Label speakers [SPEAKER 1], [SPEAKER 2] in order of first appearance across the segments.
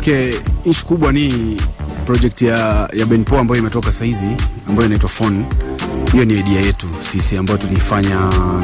[SPEAKER 1] Okay, ishu kubwa ni project ya, ya Benpo ambayo imetoka saizi ambayo inaitwa Phone. Hiyo ni idea yetu sisi ambayo tulifanya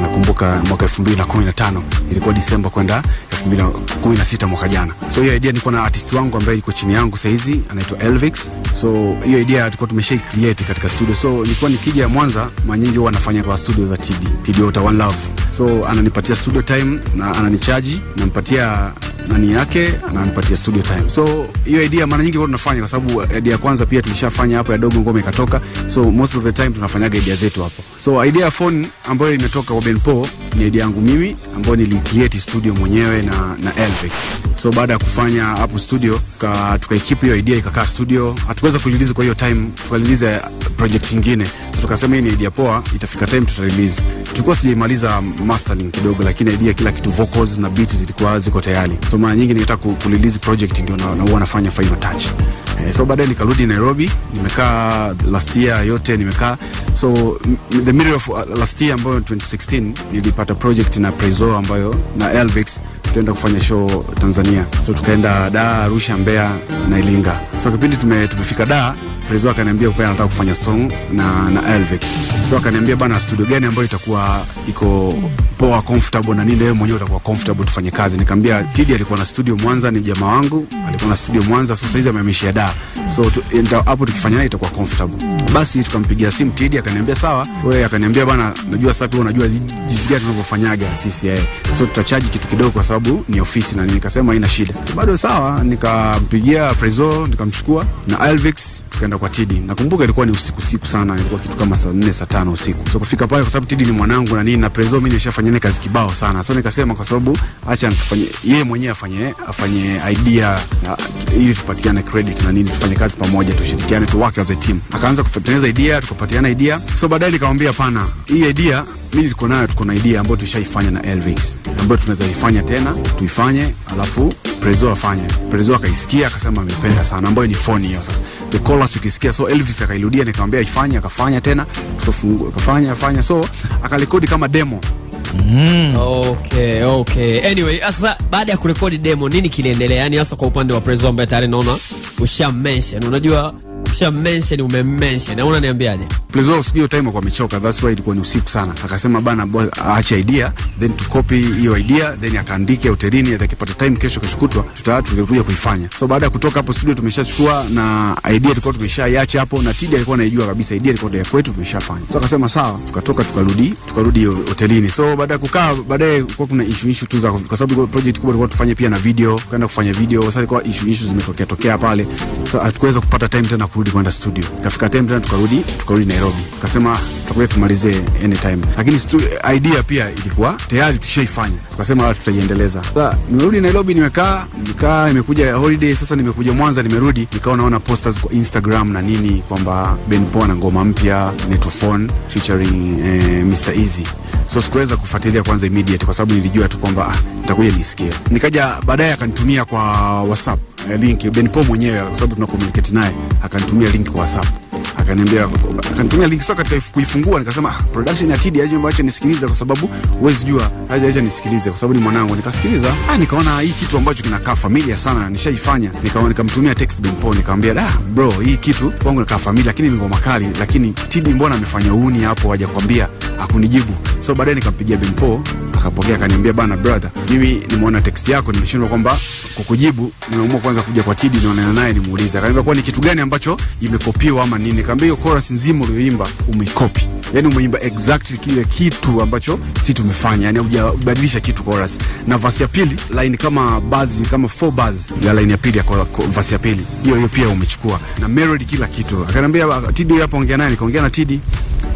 [SPEAKER 1] nakumbuka mwaka 2015 ilikuwa Disemba kwenda 2016 mwaka jana. So hiyo idea niko na artist wangu ambaye yuko chini yangu sasa hizi anaitwa Elvix. So hiyo idea tulikuwa tumesha create katika studio. So nilikuwa nikija Mwanza mara nyingi huwa nafanya kwa studio za TD, TD Ota One Love. So ananipatia studio time na ananicharge, nampatia nani yake ananipatia studio time. So hiyo idea mara nyingi huwa tunafanya, kwa sababu idea ya kwanza pia tulishafanya hapo ya dogo, ngoma ikatoka. So most of the time tunafanyaga idea zetu hapo. So idea ya phone ambayo imetoka kwa Ben Paul ni idea yangu mimi ambayo nilicreate studio mwenyewe na, na Elvic. So baada ya kufanya hapo studio tukaikipa hiyo idea ikakaa studio, hatuweza kuliliza kwa hiyo time, tukaliliza project nyingine tukasema hii ni idea poa, itafika time tuta release. Tulikuwa sijaimaliza mastering kidogo, lakini idea kila kitu, vocals na beats zilikuwa ziko tayari. So mara nyingi nikitaka ku release project ndio na, na huwa nafanya final touch. Eh, so baadaye nikarudi Nairobi, nimekaa last year yote nimekaa. So the middle of uh, last year ambayo 2016 nilipata project na Prezo ambayo na Elvix tuenda kufanya show Tanzania. So tukaenda Dar, Arusha, Mbeya na Ilinga. So kipindi tume, tumefika Dar Prezo akaniambia kwa anataka kufanya song na na Elvic. So akaniambia bana, studio gani ambayo itakuwa iko poa comfortable na nini, wewe mwenyewe utakuwa comfortable tufanye kazi. Nikamwambia Tidi alikuwa na studio Mwanza, ni jamaa wangu, alikuwa na studio Mwanza, so sasa hizi amehamishia Dar. So hapo tukifanya naye itakuwa comfortable. Basi tukampigia simu Tidi akaniambia sawa. Wewe akaniambia bana, najua sasa pia unajua jinsi gani tunavyofanyaga sisi yeye. Eh. So tutacharge kitu kidogo kwa sababu ni ofisi na nikasema haina shida. Bado sawa, nikampigia Prezo, nikamchukua na Elvic tukaenda kwenda kwa Tidi. Nakumbuka ilikuwa ni usiku siku sana, ilikuwa kitu kama saa 4 saa 5 usiku. So kufika pale, kwa sababu Tidi ni mwanangu na nini na Prezo, mimi nimeshafanya naye kazi kibao sana. So nikasema kwa sababu acha nifanye yeye mwenyewe afanye afanye idea na, ili tupatiane credit na nini, tufanye kazi pamoja, tushirikiane, tu work as a team. Akaanza kutengeneza idea, tukapatiana idea. So baadaye nikamwambia pana, hii idea mimi niko nayo, tuko na idea ambayo tushaifanya na Elvix ambayo tunaweza ifanya tena, tuifanye alafu Prezo afanye. Prezo akaisikia akasema amependa sana, ambayo ni phone hiyo. Sasa the chorus ukisikia, so Elvis akairudia, nikamwambia ifanye, akafanya tena, tukafungua, akafanya afanya, so akarekodi kama demo.
[SPEAKER 2] Mm. Okay, okay. Anyway, sasa baada ya kurekodi demo nini kiliendelea? Yaani hasa kwa upande wa Prezo ambaye tayari naona usha mention. Unajua kusema mention umemention, au unaniambiaje?
[SPEAKER 1] Please wao sijui time kwa amechoka, that's why ilikuwa ni usiku sana. Akasema bana aache idea, then to copy hiyo idea, then akaandike hotelini, atakipata time kesho kashukutwa, kutwa tulivuja kuifanya. So baada ya kutoka hapo studio tumeshachukua na idea tulikuwa tumeshaiacha hapo na Tidi alikuwa anaijua kabisa idea ilikuwa ya kwetu tumeshafanya. So akasema sawa, tukatoka tukarudi, tukarudi hotelini. So baada ya kukaa baadaye kulikuwa kuna issue issue tu za kwa sababu project kubwa ilikuwa tufanye pia na video, tukaenda kufanya video. Sasa ilikuwa issue issue zimetokea tokea pale. So hatukuweza kupata time tena kurudi kwenda studio. Kafika time tena tukarudi tukarudi Nairobi, tukasema tutakuja tumalize anytime, lakini stu, idea pia ilikuwa tayari tushaifanya, tukasema tutaiendeleza. Sasa nimerudi Nairobi, nimekaa nimekaa, imekuja holiday sasa, nimekuja Mwanza, nimerudi nikawa naona posters kwa Instagram na nini kwamba Ben Pol na ngoma mpya inaitwa Phone featuring eh, Mr Easy. So sikuweza kufuatilia kwanza immediate kwa sababu nilijua tu kwamba ah, nitakuja nisikie. Nikaja baadaye akanitumia kwa WhatsApp Eh, link Ben mwenyewe, kwa sababu tuna communicate naye, akanitumia link kwa WhatsApp akaniambia akanitumia link soka kuifungua, nikasema ah, production ya Tidi aje, acha nisikilize, kwa sababu huwezi jua, aje acha nisikilize, kwa sababu ni mwanangu. Nikasikiliza ah, nikaona hii kitu ambacho kinakaa familia sana, nishaifanya. Nikaona nikamtumia text Benpo, nikamwambia da ah, bro, hii kitu kwangu inakaa familia, lakini ni ngoma kali, lakini Tidi mbona amefanya uni hapo, hajakwambia? Hakunijibu. So baadaye nikampigia Benpo akapokea akaniambia, bana brother, mimi nimeona text yako, nimeshindwa kwamba kukujibu, nimeamua kwanza kuja kwa Tidi nionane naye nimuulize. Akaniambia kwa ni kitu gani ambacho imekopiwa ama nini niambie hiyo chorus nzima uliyoimba umeikopi, yani umeimba exactly kile kitu ambacho si tumefanya, yani hujabadilisha kitu chorus. Na verse ya pili line kama buzz kama four buzz ya line ya pili ya verse ya pili hiyo hiyo pia umechukua na melody, kila kitu. Akaniambia Tidi hapo, ongea naye, nikaongea na Tidi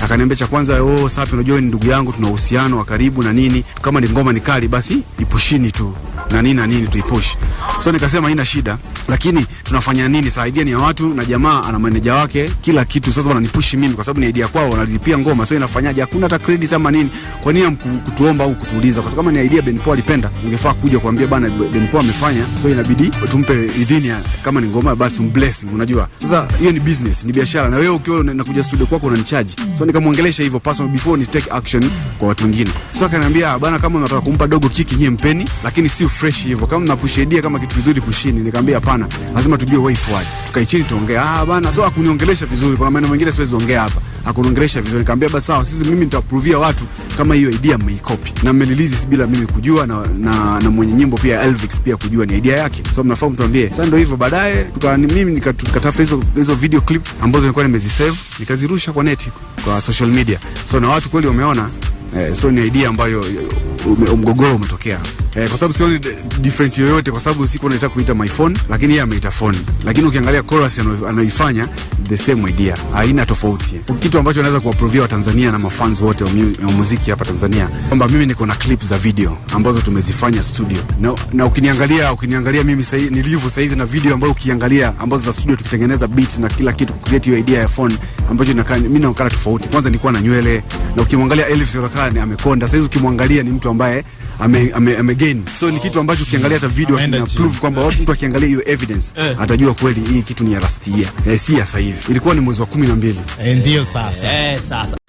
[SPEAKER 1] akaniambia cha kwanza, oh, safi, unajua ni ndugu yangu, tuna uhusiano wa karibu na nini, kama ni ngoma ni kali basi ipushini tu na nini na nini tuipush. So nikasema haina shida, lakini tunafanya nini sasa? Idea ni ya watu na jamaa ana manager wake kila kitu. Sasa wananipush mimi kwa sababu ni idea kwao, wanalipia ngoma, so inafanyaje? Hakuna hata credit ama nini. Kwa nini kutuomba au kutuuliza? Kwa sababu kama ni idea Ben Paul alipenda, ungefaa kuja kuambia bana Ben Paul amefanya, so inabidi tumpe idhini, kama ni ngoma basi mbless. Unajua sasa hiyo ni business, ni biashara, na wewe ukiwa unakuja studio kwako unanicharge. So nikamwongelesha hivyo personal before ni take action kwa watu wengine. So akaniambia ah, bana, kama unataka kumpa dogo kiki, nyie mpeni, lakini si fresh hivyo, kama mnakushuhudia kama kitu kizuri kushini Nikamwambia hapana, lazima tujue why forward. Tukae chini tuongee. Ah bana, so akuniongelesha vizuri, kuna maneno mengine siwezi ongea hapa, akuniongelesha vizuri. Nikamwambia basi sawa, sisi mimi nitaprovia watu kama hiyo idea mmeikopi na mmelilizi bila mimi kujua, na, na, na mwenye nyimbo pia Elvix pia kujua ni idea yake, so mnafahamu, tuambie sasa. Ndio hivyo, baadaye mimi nikatafuta hizo hizo video clip ambazo nilikuwa nimezisave nikazirusha kwa neti kwa social media, so na watu kweli wameona. Eh, so ni idea ambayo eh, mgogoro umetokea eh, kwa sababu sioni different yoyote, kwa sababu siku anaita kuita my phone, lakini yeye ameita phone. Lakini ukiangalia chorus anaoifanya the same idea, haina tofauti, kitu ambacho anaweza kuwaprovia Watanzania na mafans wote wa muziki hapa Tanzania kwamba mimi niko na clip za video ambazo tumezifanya studio na, na ukiniangalia ukiniangalia mimi sahi, nilivyo saizi na video ambayo ukiangalia ambazo za studio tukitengeneza beats na kila kitu kucreate hiyo idea ya phone ambacho inakaa mimi naonekana tofauti. Kwanza nilikuwa na nywele na ukimwangalia Elvis Rakani amekonda. Saizi ukimwangalia ni mtu ambaye ame, ame, ame, ame win. So ni kitu ambacho ukiangalia hata video ina prove kwamba watu mtu akiangalia hiyo evidence eh. atajua kweli hii kitu ni ya last year. Eh, si ya sasa hivi. Ilikuwa ni mwezi wa 12. Eh, ndio sasa. Eh, sasa.